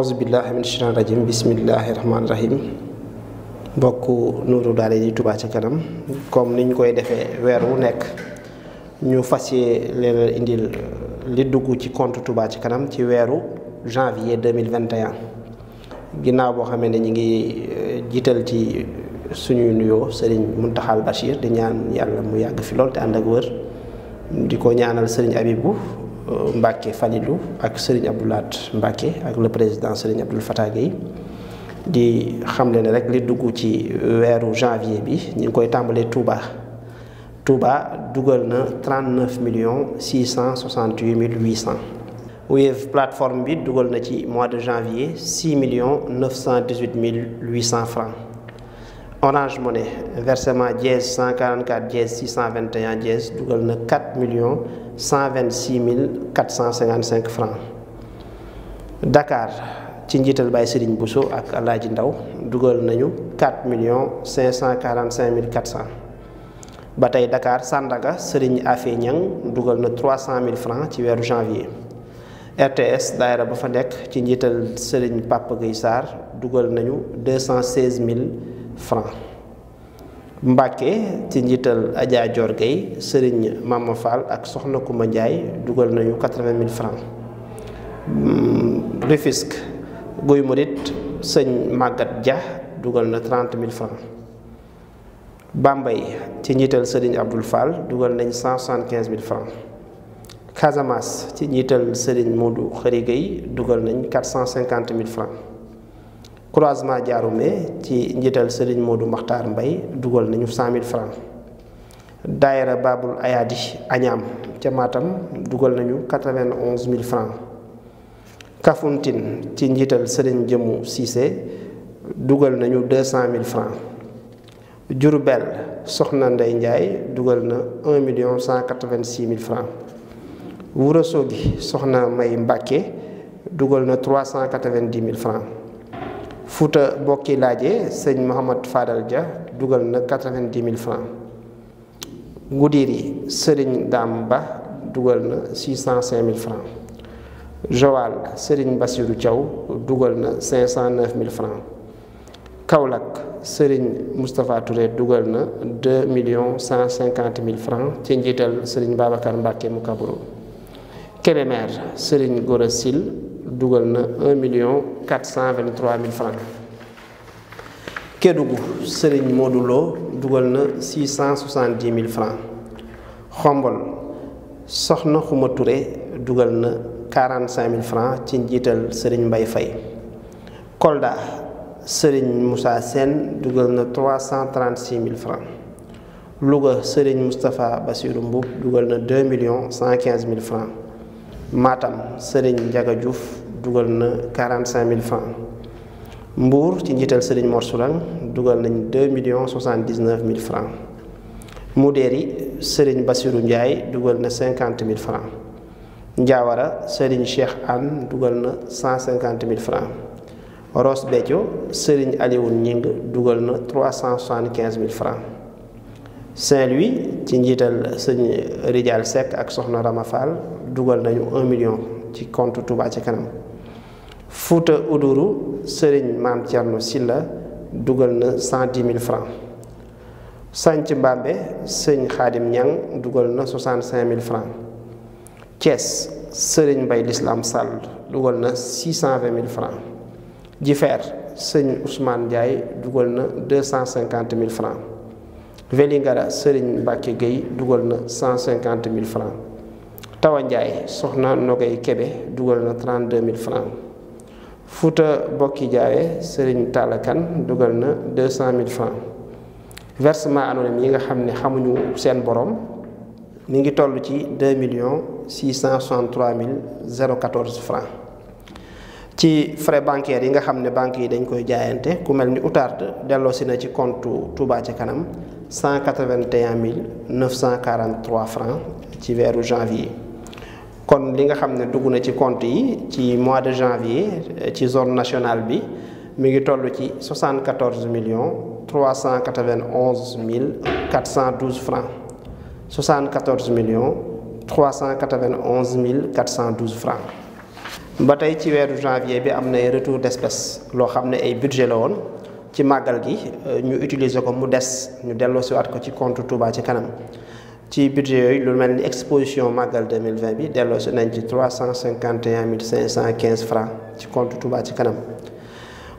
auzu billahi min shaytaani rajim bismillahi rahmaani rahim mbokk nuuru daara di Touba ca kanam comme niñ koy defee weer wu nekk ñu fas yee leen li dugg ci compte Touba ci kanam ci weeru janvier 2021 ginnaaw boo xamee ne ñu ngi eh, jiital ci suñuy nuyoo sëriñ Muntaxa Bachir di ñaan yàlla mu yàgg fi lool te ànd ak wër di ko ñaanal sëriñ Abibu Euh, Mbacke Falilou ak Serigne Abdoulaat Mbacke ak le président Serigne Abdoul Fatah Gueye di xamle ne rek li dugg ci weeru janvier bi ñu koy tàmbalee Touba Touba dugal na 39 millions 668 mille 800. Wave plateforme bi dugal na ci mois de janvier 6 millions 918 mille 800 francs. Orange Money versement dièse 144 dièse 621 dièse dugal na 4 millions 126 mille 455 francs Dakar ci njiital Baye Serigne Bousso ak Alaaji Ndaw dugal nañu 4 millions 545 mille 400 ba tey dakaar Sandaga Serigne Afe Niang dugal na 300 mille francs ci weeru janvier RTS daayira ba fa nekk ci njiital Serigne Papa Gueye dugal nañu 216 mille francs Mbàkke ci njiital ajaajoor Dior Gueye Sëriñ Mama ak Soxna Kuma Njaay dugal nañu quatre-vingt mille francs mm, Rufisque Guy Murit sëñ Magat ja dugal na trente mille francs Bambey ci njiital Sëriñ Abdul Fall dugal nañ cent soixante-quinze mille francs Casamance ci njiital Sëriñ Modou Xëri Gueye dugal nañ quatre cent cinquante mille francs croisement jaarume ci njiital Serigne du Makhtar mbay dugal nañu cent mille francs daayira Babul Ayaadi Añaam ca Matam dugal nañu quatre-vingt-onze mille francs Kafountine ci njiital Serigne Jëmu Cissé dugal nañu deux cent mille francs Diourbel Soxna Ndey Njaay dugal na un million cent quatre-vingt-six mille francs Ourossogui Soxna May Mbàkke dugal na trois cent quatre vingt mille francs Fouta bokki laajee sëñ Mouhamad Fadal Dia dugal na quatre-vingt-dix mille francs Goudiri Serigne Dame Ba dugal na six cent cinq mille francs Joal Serigne Bassirou Thiaw dugal na cinq cent neuf mille francs Kaolack Serigne Moustapha dugal na deux millions cent cinquante mille francs ci njiital Serigne Babacar Mbacke mu Kaburo Kébémer Serigne Gora dugal na million quatre cent vingt trois mille francs Kédougou Serigne Modou Lo dugal na six cent soixante dix mille francs Xombol Soxna xumature dugal na quarante cinq mille francs ci njiital Serigne mbay fay Kolda Serigne Moussa Sène dugal na trois cent trente six mille francs Louga Serigne Moustapha Bassirou Mboub dugal na deux millions cent quinze mille francs Matam Serigne Ndiaga dugal na quarante cinq mille francs Mbour ci njiital Serigne Mor Sourang dugal nañ deux millions soixante dix neuf mille francs Moudéri Serigne Bassirou Ndiaye dugal na cinquante mille francs Ndiawara Serigne Cheikh Anne dugal na cent cinquante mille francs Ross Béthio Serigne Alioune Ñing dugal na trois cent soixante quinze mille francs Saint-Louis ci njiital sëñ Ridial Seck ak Soxna Rama dugal nañu un million ci compte Touba ci kanam Fouta Oudourou Serigne Maam Thierno Silla dugal na cent dix mille francs Sànc Mbàmbe Sëñ Xaadim Ñang dugal na soixante cinq mille francs Thiès Serigne Mbay Lislam Sall dugal na six cent mille francs Jifeer Sëñ Ousmane Ndiaye dugal na deux cent cinquante mille francs Vélingara Serigne Mbacke dugal na cent cinquante mille francs Tawa Ndiaye Soxna Nogay Kebe dugal na trente deux mille francs Fouta Bokki Jaawe Serigne Talla dugal na deux cent mille francs versement anonyme yi nga xam ne xamuñu seen borom mi ngi toll ci deux millions six cent soixante-trois mille zéro quatorze francs ci frais bancaires yi nga xam ne banque yi dañ koy jaayante ku mel ni Outarde delloosi na ci compte Touba ci kanam cent quatre vingt mille neuf cent quarante-trois francs ci weeru janvier. kon li nga xam ne dugg na ci compte yi ci mois de janvier eh, ci zone nationale bi mu ngi toll ci 74 millions 391 mille 412 francs 74 millions 391 mille 412 francs ba tey ci weeru janvier bi am na ay retour d'espèce loo xam ne ay budget la woon ci màggal gi eh, ñu utiliser ko mu des ñu delloo si delloosiwaat ko ci compte Touba ci kanam ci budget yooyu lu mel ni exposition màggal 2020 bi delloosi nañ ci trois cent cinquante et un mille cent quinze francs ci compte Touba ci kanam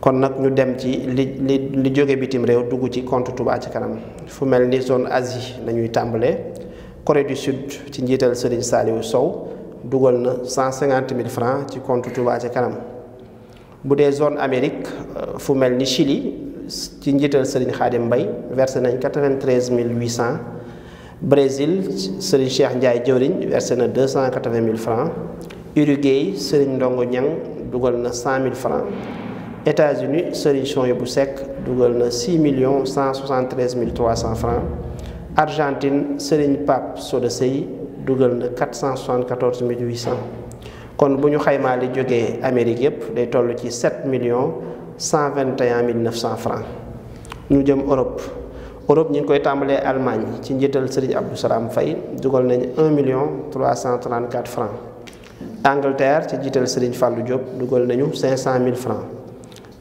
kon nag ñu dem ci li li li jóge bitim réew dugg ci compte Touba ci kanam fu mel ni zone Asie nañuy tàmbalee Corée du Sud ci njiital Serigne Saliou Sow dugal na cent cinquante mille francs ci compte Touba ci kanam bu dee zone Amérique euh, fu mel ni Chili ci njiital Serigne Khadim mbay versé nañ quatre mille huit cents Brésil Serigne Cheikh Ndiaye jëwriñ versé na cent quatre vingt mille francs Uruguay Serigne Ndongo Niang dugal na cent mille francs États-Unis Serigne bu Seck dugal na six millions cent soixante mille trois cent francs Argentine Serigne Pape Soda Sey dugal na quatre cent soixante quatorze mille huit cent kon bu ñu xaymaa li jógee Amérique yëpp day toll ci sept million cent vingt mille neuf cent francs ñu jëm Europe. Europe ñu ngi koy tàmbalee Allemagne ci njiital Serigne Abdou Salam fay dugal nañ 1 million 334 francs Angleterre ci njiital Serigne Fallou Diop dugal nañu 500 000 francs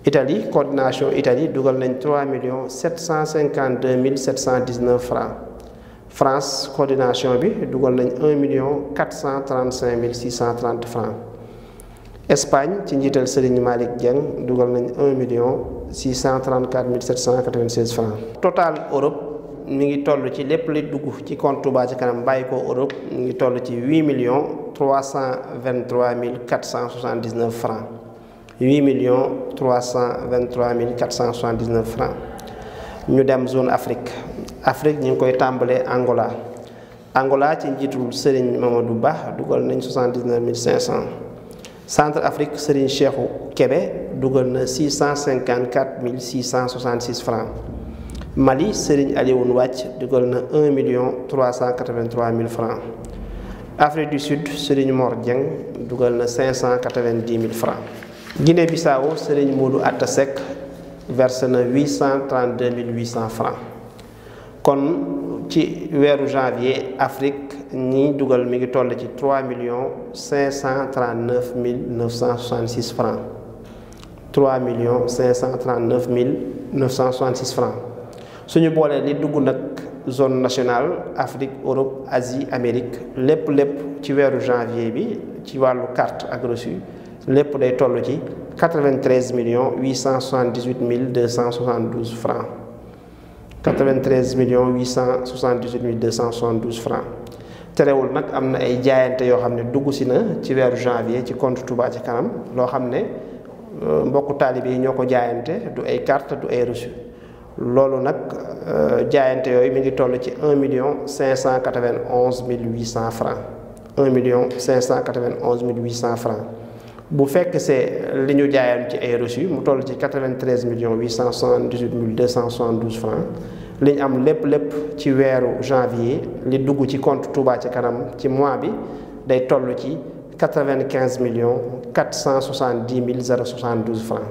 Italie coordination Italie dugal nañ 3 millions 752 mille 719 francs France coordination bi dugal nañ 1 million 435 mille 630 francs Espagne ci njiital Serigne Malick Dieng dugal nañ 1 million. 634 796 francs total Europe mi ngi toll ci lépp li dugg ci compte Touba Ca Kanam bàyyi ko Europe mu ngi toll ci 8 millions 323 mille 479 francs 8 millions 323 mille 479 francs ñu dem zone Afrique Afrique ñu ngi koy tàmbalee Angola Angola ci njiitul Serigne Mamadou Ba dugal nañ 79 500 Centre Afrique Serigne Cheikhou kebe dugal na six cent cinquante quatre mille six cent soixante six Mali seriñ Alioune Wàcc dugal na un million trois cent quatre mille francs Afrique du Sud Serigne Mor Dieng dugal na cinq cent quatre mille francs Guinée Bissau Serigne Modou Atta Seck verse na huit mille huit cent francs kon ci weeru janvier Afrique ñi dugal mi ngi toll ci trois millions cinq cent mille neuf 3 millions 539 mille 966 francs suñu boolee li dugg nag zone nationale Afrique Europe Asie Amérique lépp lépp ci weeru janvier bi ci wàllu carte ak reçu lépp day toll ci 93 millions 878 mille 272 francs 93 millions 878 mille 272 francs terewul nag am na ay jaayante yoo xam ne dugg si na ci weeru janvier ci compte Touba ci kanam loo xam ne mbokku taalibe yi ñoo ko jaayante du ay carte du ay reçu loolu nag euh, jaayante yooyu mi ngi toll ci un million cinq cent quatre vingt onze mille huit cent francs un million cinq cent quatre vingt onze mille huit cent francs bu fekk se li ñu jaayoon ci ay reçu mu toll ci quatre vingt treize millions huit cent soixante dix huit mille deux cent soixante douze li ñu am lépp lépp ci weeru janvier li dugg ci compte Touba ci kanam ci mois bi day toll ci. quatre-vingt-quinze millions quatre cent soixante mille zéro soixante-douze francs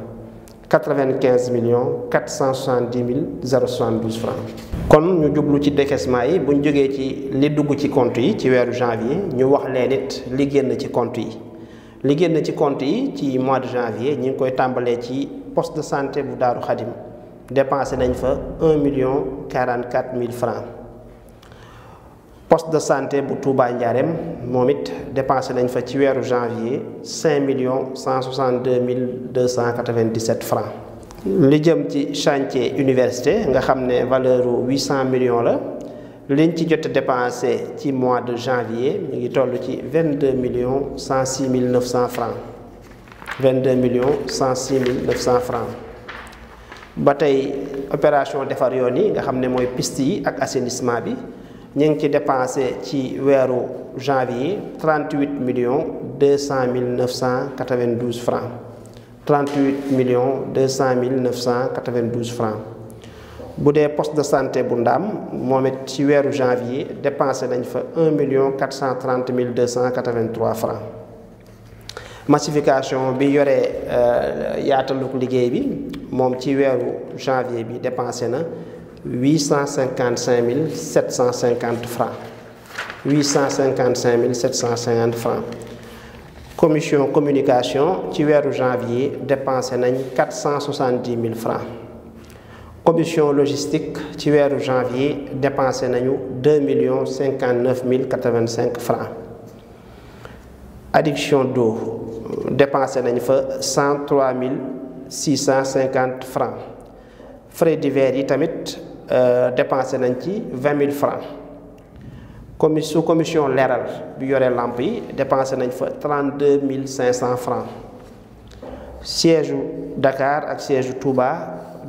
quatre-vingt-quinze millions cent soixante-dix mille zéro soixante-douze kon ñu jublu ci décaissement yi bu ñu jógee ci li dugg ci compte yi ci weeru janvier ñu wax leen it li génn ci compte yi li génn ci compte yi ci mois de janvier ñi ngi koy tàmbalee ci poste de santé bu Daaru Xadim dépensé nañ fa un million quarante-quatre mille francs poste de santé bu Touba Ndiarème moom it dépensé nañ fa ci weeru janvier cinq millions cent soixante deux mille deux cent quatre vingt dix sept francs li jëm ci chantier université nga xam ne valeur u huit cent millions la liñ ci jot a dépensé ci mois de janvier mi ngi toll ci vingt deux millions cent six mille neuf cent francs vingt deux millions cent six mille neuf cent francs ba tey opération defar yoon yi nga xam ne mooy piste yi ak assainissement bi. ñu ngi ci dépensé ci weeru janvier 38 millions 200 mille 992 francs 38 cent 200 mille 992 francs bu dee poste de santé bu ndam moom it ci weeru janvier dépensé nañ fa 1 million 430 mille 283 francs massification bi yore euh, yaataluk liggéey bi moom ci weeru janvier bi dépensé na mille 855 750 francs 855 750 francs commission communication ci weeru janvier dépensé nañ 470 000 francs commission logistique ci weeru janvier dépensé nañu million millions 59 mille 85 francs adduction d'eau dépensé nañ fa 103 mille 650 francs frais divers yi tamit Euh, dépensé nañ ci vingt mille francs commi su commission leeral bi yore làmp yi dépensé nañ fa trente deux mille cinq cent francs siège u Dakar ak siège u Touba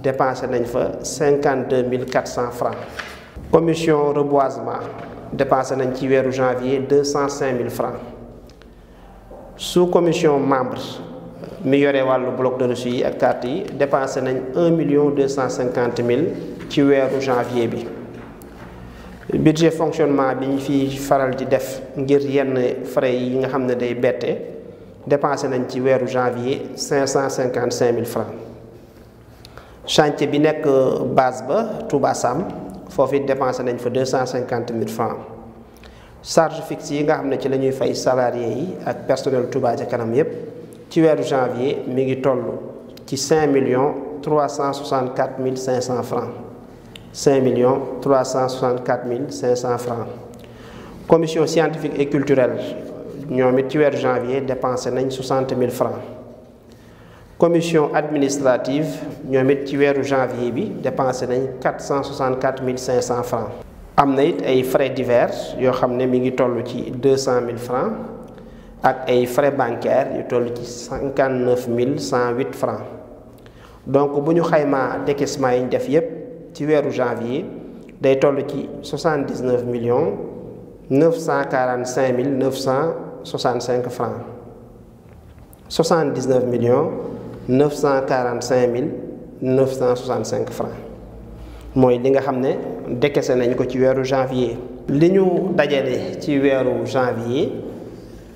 nañ fa cinquante deux mille quatre cent francs commission reboisement dépensé nañ ci weeru janvier deux cent cinq mille francs su commission membre mi yore wàllu bloc de reçu yi ak carte yi dépensé nañ un million deux cent cinquante mille ci weeru janvier bi budget fonctionnement bi ñu fi faral di def ngir yenn frais yi nga xam ne day bette dépensé nañ ci weeru janvier cinq cent cinquante cinq mille francs chantier bi nekk euh, base ba Touba Sam foofu it dépensé nañ fa deux cent cinquante mille francs charge fixe yi nga xam ne ci la ñuy fay salarié yi ak personnel Touba ca kanam yépp ci weeru janvier mi ngi toll ci cinq millions trois cent soixante quatre mille cinq cent francs million 5 millions 364 mille 500 francs commission scientifique et culturelle ñoom it ci weeru janvier dépensé nañ 60 mille francs commission administrative ñoom it ci weeru janvier bi dépensé nañ 464 mille 500 francs am na it ay frais divers yoo xam ne mi ngi toll ci 200 mille francs ak ay frais bancaires ñu toll ci cent 59 mille cent 108 francs donc bu ñu xaymaa décaissement yi ñu def yépp ci weeru janvier day toll ci soixante dix neuf millions quarante cinq mille neuf cent soixante cinq francs soixante dix neuf millions neuf quarante cinq mille neuf cent soixante cinq francs mooy li nga xam ne décaissé nañ ko ci weeru janvier. li ñu dajale ci weeru janvier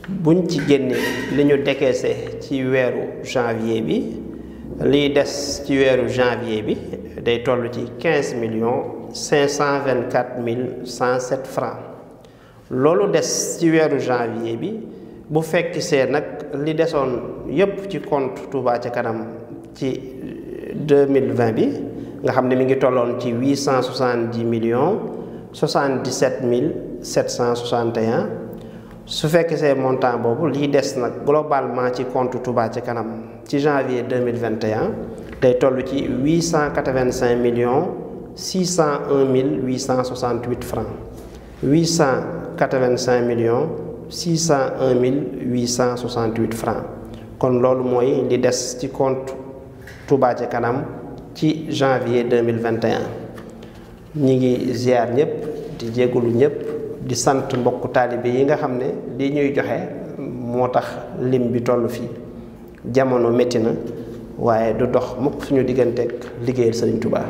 buñ ci génnee li ñu décaissé ci weeru janvier bi liy des ci weeru janvier bi. day toll ci quinze millions cinq cent vingt quatre mille cent sept francs loolu des ci weeru janvier bi bu fekk see nag li desoon yépp ci compte Touba ci kanam ci deux mille vingt bi nga xam ne mu ngi tolloon ci huit cent soixante dix millions soixante dix sept mille sept cent soixante et su fekk see montant boobu lii des nag globalement ci compte Touba ci kanam ci janvier deux mille vingt tey toll ci huit cent quatre-vingt-cinq cent un mille huit cent soixante-huit francs huit cent quatre vingt cent un mille huit cent soixante-huit francs kon loolu mooy li des ci compte Touba Kanam ci janvier deux mille vingt et un ñi ngi ziar ñëpp di jégalu ñëpp di sant mbokk taalibe yi nga xam ne li ñuy joxe moo tax lim bi toll fii jamono métti na. waaye du dox mukk suñu digganteeg liggéeyal Sëriñ Tuubaa